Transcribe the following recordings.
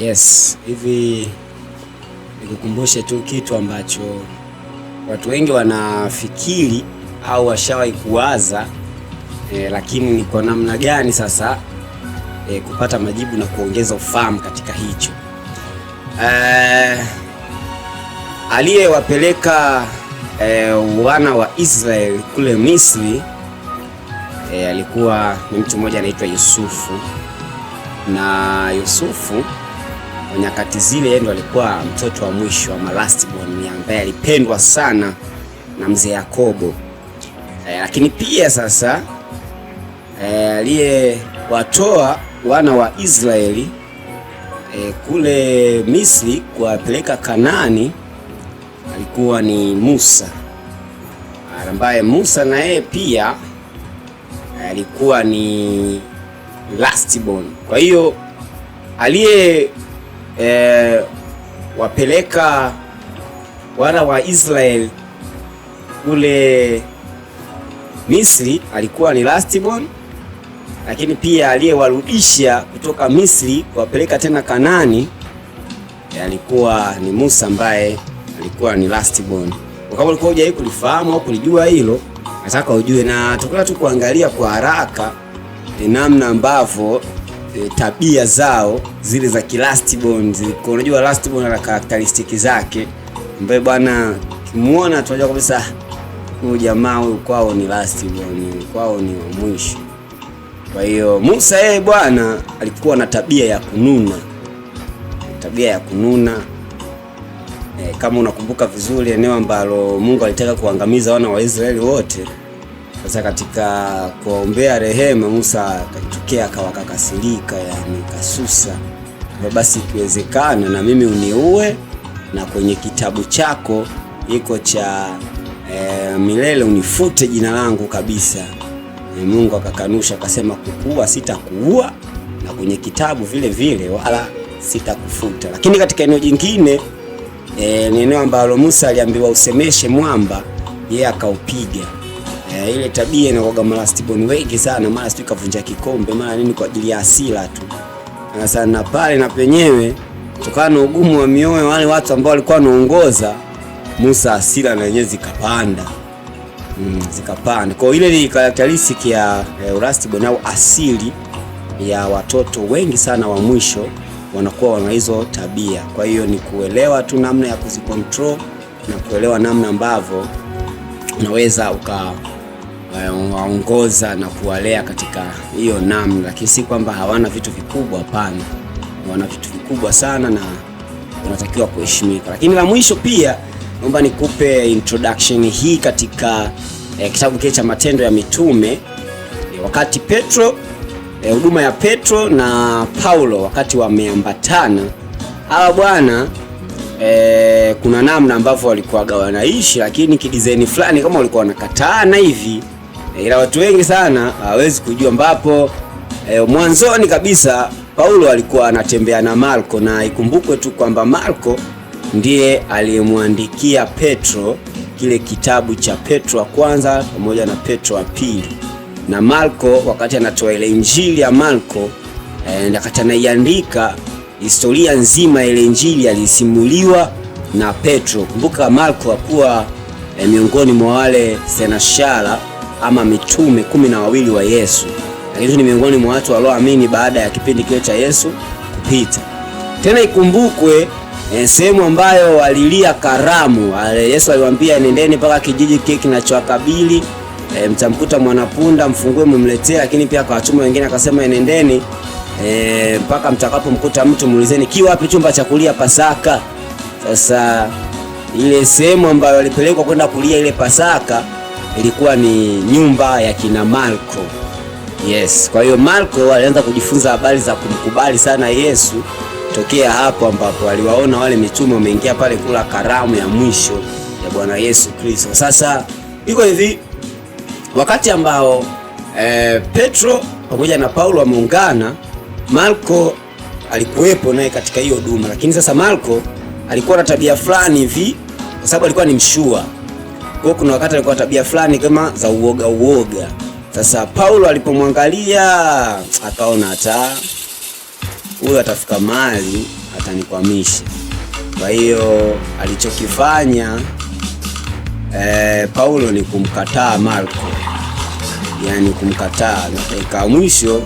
Yes, hivi nikukumbushe tu kitu ambacho watu wengi wanafikiri au washawahi kuwaza e, lakini ni kwa namna gani sasa e, kupata majibu na kuongeza ufahamu katika hicho e, aliyewapeleka e, wana wa Israeli kule Misri e, alikuwa ni mtu mmoja anaitwa Yusufu na Yusufu kwa nyakati zile yeye ndo alikuwa mtoto wa mwisho ama last born ambaye alipendwa sana na mzee Yakobo. E, lakini pia sasa eh, aliyewatoa e, wana wa Israeli e, kule Misri kuwapeleka Kanaani alikuwa ni Musa ah, ambaye Musa na yeye pia alikuwa ni last born. Kwa hiyo aliye e, wapeleka wana wa israel kule Misri alikuwa ni last born, lakini pia aliyewarudisha kutoka Misri kuwapeleka tena Kanaani e, alikuwa ni Musa ambaye alikuwa ni last born. kama ulikuwa hujai kulifahamu au kulijua hilo, nataka ujue, na tukala tu kuangalia kwa haraka ni namna ambavyo e, tabia zao zile za kilastborn ziko, unajua lastborn ana karakteristiki zake, ambaye bwana kimuona tunajua kabisa huyu jamaa huyu kwao ni lastborn, kwao ni wa mwisho. Kwa hiyo Musa yeye bwana alikuwa na tabia ya kununa, tabia ya kununa e, kama unakumbuka vizuri eneo ambalo Mungu alitaka kuangamiza wana wa Israeli wote sasa katika kuombea rehema, Musa akatokea akawa kakasirika, yani kasusa, basi ikiwezekana na mimi uniue, na kwenye kitabu chako iko cha e, milele unifute jina langu kabisa. E, Mungu akakanusha akasema, kukuua sitakuua na kwenye kitabu vile vile wala sitakufuta. Lakini katika eneo jingine e, ni eneo ambalo Musa aliambiwa usemeshe mwamba, yeye akaupiga e, ile tabia inakuwa mara Stibon wengi sana, mara sio kavunja kikombe, mara nini, kwa ajili ya hasira tu sana, na pale na penyewe kutokana na ugumu wa mioyo wale watu ambao walikuwa wanaongoza Musa, hasira na yenyewe zikapanda mm, zikapanda kwa ile ni characteristic ya e, Urastibon au asili ya watoto wengi sana wa mwisho wanakuwa wana hizo tabia. Kwa hiyo ni kuelewa tu namna ya kuzicontrol na kuelewa namna ambavyo unaweza uka waongoza na kuwalea katika hiyo namna, lakini si kwamba hawana vitu vikubwa. Hapana, wana vitu vikubwa sana na wanatakiwa kuheshimika. Lakini la mwisho pia naomba nikupe introduction hii katika eh, kitabu kile cha Matendo ya Mitume eh, wakati Petro eh, huduma eh, ya Petro na Paulo wakati wameambatana hawa bwana eh, kuna namna ambavyo walikuwa wanaishi, lakini kidizaini fulani kama walikuwa wanakataana hivi ila watu wengi sana hawezi kujua ambapo e, mwanzoni kabisa Paulo alikuwa anatembea na Marko, na ikumbukwe tu kwamba Marko ndiye aliyemwandikia Petro kile kitabu cha Petro wa kwanza pamoja na Petro wa pili, na Marko wakati anatoa ile injili ya Marko e, akati anaiandika historia nzima ile injili alisimuliwa na Petro. Kumbuka Marko akuwa e, miongoni mwa wale senashara ama mitume kumi na wawili wa Yesu, lakini ni miongoni mwa watu walioamini baada ya kipindi kile cha Yesu kupita. Tena ikumbukwe e, sehemu ambayo walilia karamu, Yesu aliwaambia nendeni mpaka kijiji kile kinachowakabili e, mtamkuta mwanapunda, mfungue mumletee, lakini pia kwa watumwa wengine akasema nendeni eh, mpaka e, mtakapomkuta mtu muulizeni wapi chumba cha kulia Pasaka. Sasa ile sehemu ambayo walipelekwa kwenda kulia ile Pasaka ilikuwa ni nyumba ya kina Marko. Yes, kwa hiyo Marko alianza kujifunza habari za kumkubali sana Yesu tokea hapo ambapo aliwaona wale mitume wameingia pale kula karamu ya mwisho ya Bwana Yesu Kristo. Sasa iko hivi, wakati ambao eh, Petro pamoja na Paulo wameungana, Marko alikuwepo naye katika hiyo huduma, lakini sasa Marko alikuwa na tabia fulani hivi, kwa sababu alikuwa ni mshua kwa kuna wakati alikuwa tabia fulani kama za uoga uoga. Sasa Paulo alipomwangalia akaona hata huyo atafika mali atanikwamisha. Kwa hiyo alichokifanya eh, Paulo ni kumkataa Marko, yaani kumkataa, na dakika mwisho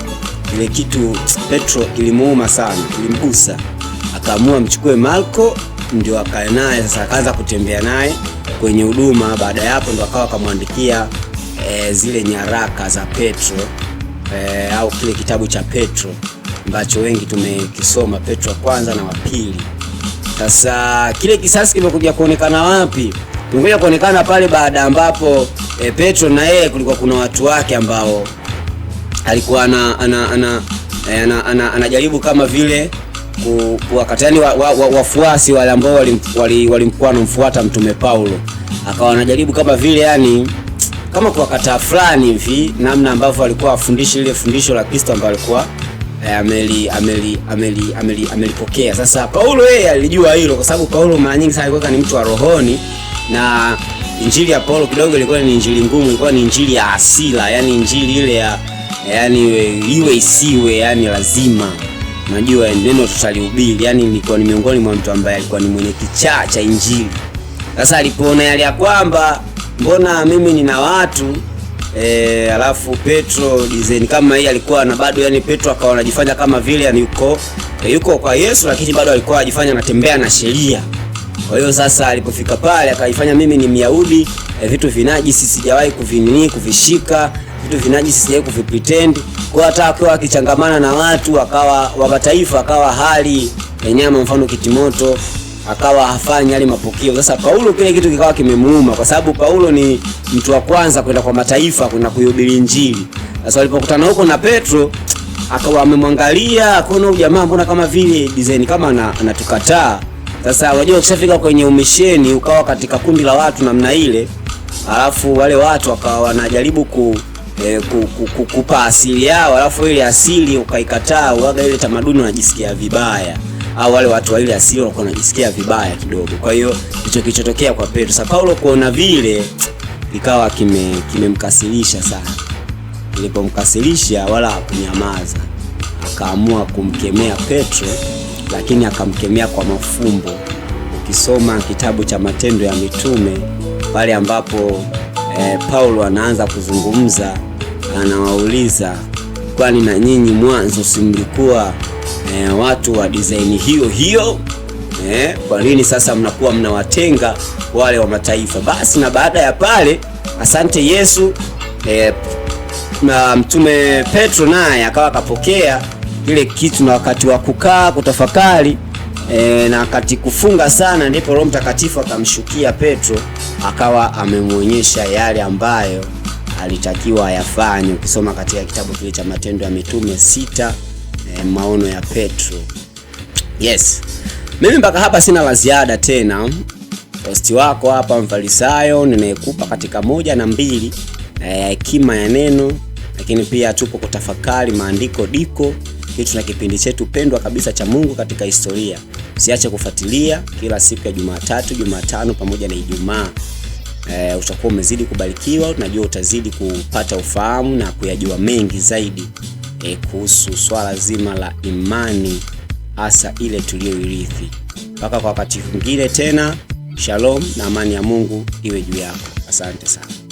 ile kitu Petro kilimuuma sana, kilimgusa, akaamua mchukue Marko ndio akae naye sasa, akaanza kutembea naye kwenye huduma. Baada ya hapo ndo akawa akamwandikia e, zile nyaraka za Petro e, au kile kitabu cha Petro ambacho wengi tumekisoma, Petro wa kwanza na wa pili. Sasa kile kisasi kimekuja kuonekana wapi? Kimekuja kuonekana pale baada ambapo e, Petro na yeye kulikuwa kuna watu wake ambao alikuwa ana, ana, ana, ana, ana, ana, anajaribu kama vile wakati yani wafuasi wa, wa, wa wale ambao walimkuwa wali, wali wanamfuata Mtume Paulo akawa anajaribu kama vile yani kama kuwakataa fulani hivi namna ambavyo alikuwa afundishi lile fundisho la Kristo ambalo alikuwa amelipokea eh, ameli, ameli, ameli, ameli. Sasa Paulo yeye alijua hilo, kwa sababu Paulo mara nyingi sana alikuwa ni mtu wa rohoni, na injili ya Paulo kidogo ilikuwa ni injili ngumu, ilikuwa ni injili ya asila, yani injili ile ya yani iwe isiwe, yani lazima Unajua neno tutalihubiri, yani nilikuwa ni miongoni mwa mtu ambaye alikuwa ni mwenye kichaa cha Injili. Sasa alipoona yale ya kwamba mbona mimi nina watu e, alafu Petro dizeni kama hii alikuwa na bado, yani Petro akawa anajifanya kama vile yani yuko e, yuko kwa Yesu, lakini bado alikuwa anajifanya anatembea na sheria. Kwa hiyo sasa alipofika pale akaifanya mimi ni Myahudi e, vitu vinajisi sijawahi kuvinini kuvishika vitu vinajisi sijai kuvipretend. Kwa hata akiwa akichangamana na watu akawa wa mataifa akawa hali ya nyama, mfano kitimoto, akawa hafanyi yale mapokeo. Sasa Paulo kile kitu kikawa kimemuuma, kwa sababu Paulo ni mtu wa kwanza kwenda kwa mataifa kwenda kuhubiri Injili. Sasa walipokutana huko na Petro akawa amemwangalia akaona huyu jamaa mbona kama vile design kama anatukataa. Sasa unajua ukishafika kwenye umisheni ukawa katika kundi la watu namna ile, alafu wale watu wakawa wanajaribu ku e, kupa asili yao, alafu ile asili ukaikataa, uaga ile tamaduni, unajisikia vibaya au wale watu wa ile asili wanakuwa wanajisikia vibaya kidogo. Kwa hiyo hicho kilichotokea kwa Petro. Sasa Paulo kuona vile ikawa kimemkasirisha kime sana, ilipomkasirisha wala hakunyamaza, akaamua kumkemea Petro, lakini akamkemea kwa mafumbo. Ukisoma kitabu cha Matendo ya Mitume pale ambapo eh, Paulo anaanza kuzungumza anawauliza kwani na nyinyi mwanzo simlikuwa e, watu wa design hiyo hiyo e, kwa nini sasa mnakuwa mnawatenga wale wa mataifa? Basi na baada ya pale, asante Yesu e, na mtume Petro naye akawa akapokea ile kitu, na wakati wa kukaa kutafakari e, na wakati kufunga sana, ndipo Roho Mtakatifu akamshukia Petro akawa amemwonyesha yale ambayo alitakiwa ayafanye, ukisoma katika kitabu kile cha Matendo ya Mitume sita e, maono ya Petro. Yes, mimi mpaka hapa sina la ziada tena. Hosti wako hapa Mfarisayo, ninayekupa katika moja na mbili ya eh, hekima ya neno, lakini pia tupo kutafakari maandiko diko kitu na kipindi chetu pendwa kabisa cha Mungu katika historia. Usiache kufuatilia kila siku ya Jumatatu, Jumatano pamoja na Ijumaa eh, utakuwa umezidi kubarikiwa. Tunajua utazidi kupata ufahamu na kuyajua mengi zaidi eh, kuhusu swala zima la imani hasa ile tuliyoirithi. Mpaka kwa wakati mwingine tena, shalom na amani ya Mungu iwe juu yako. Asante sana.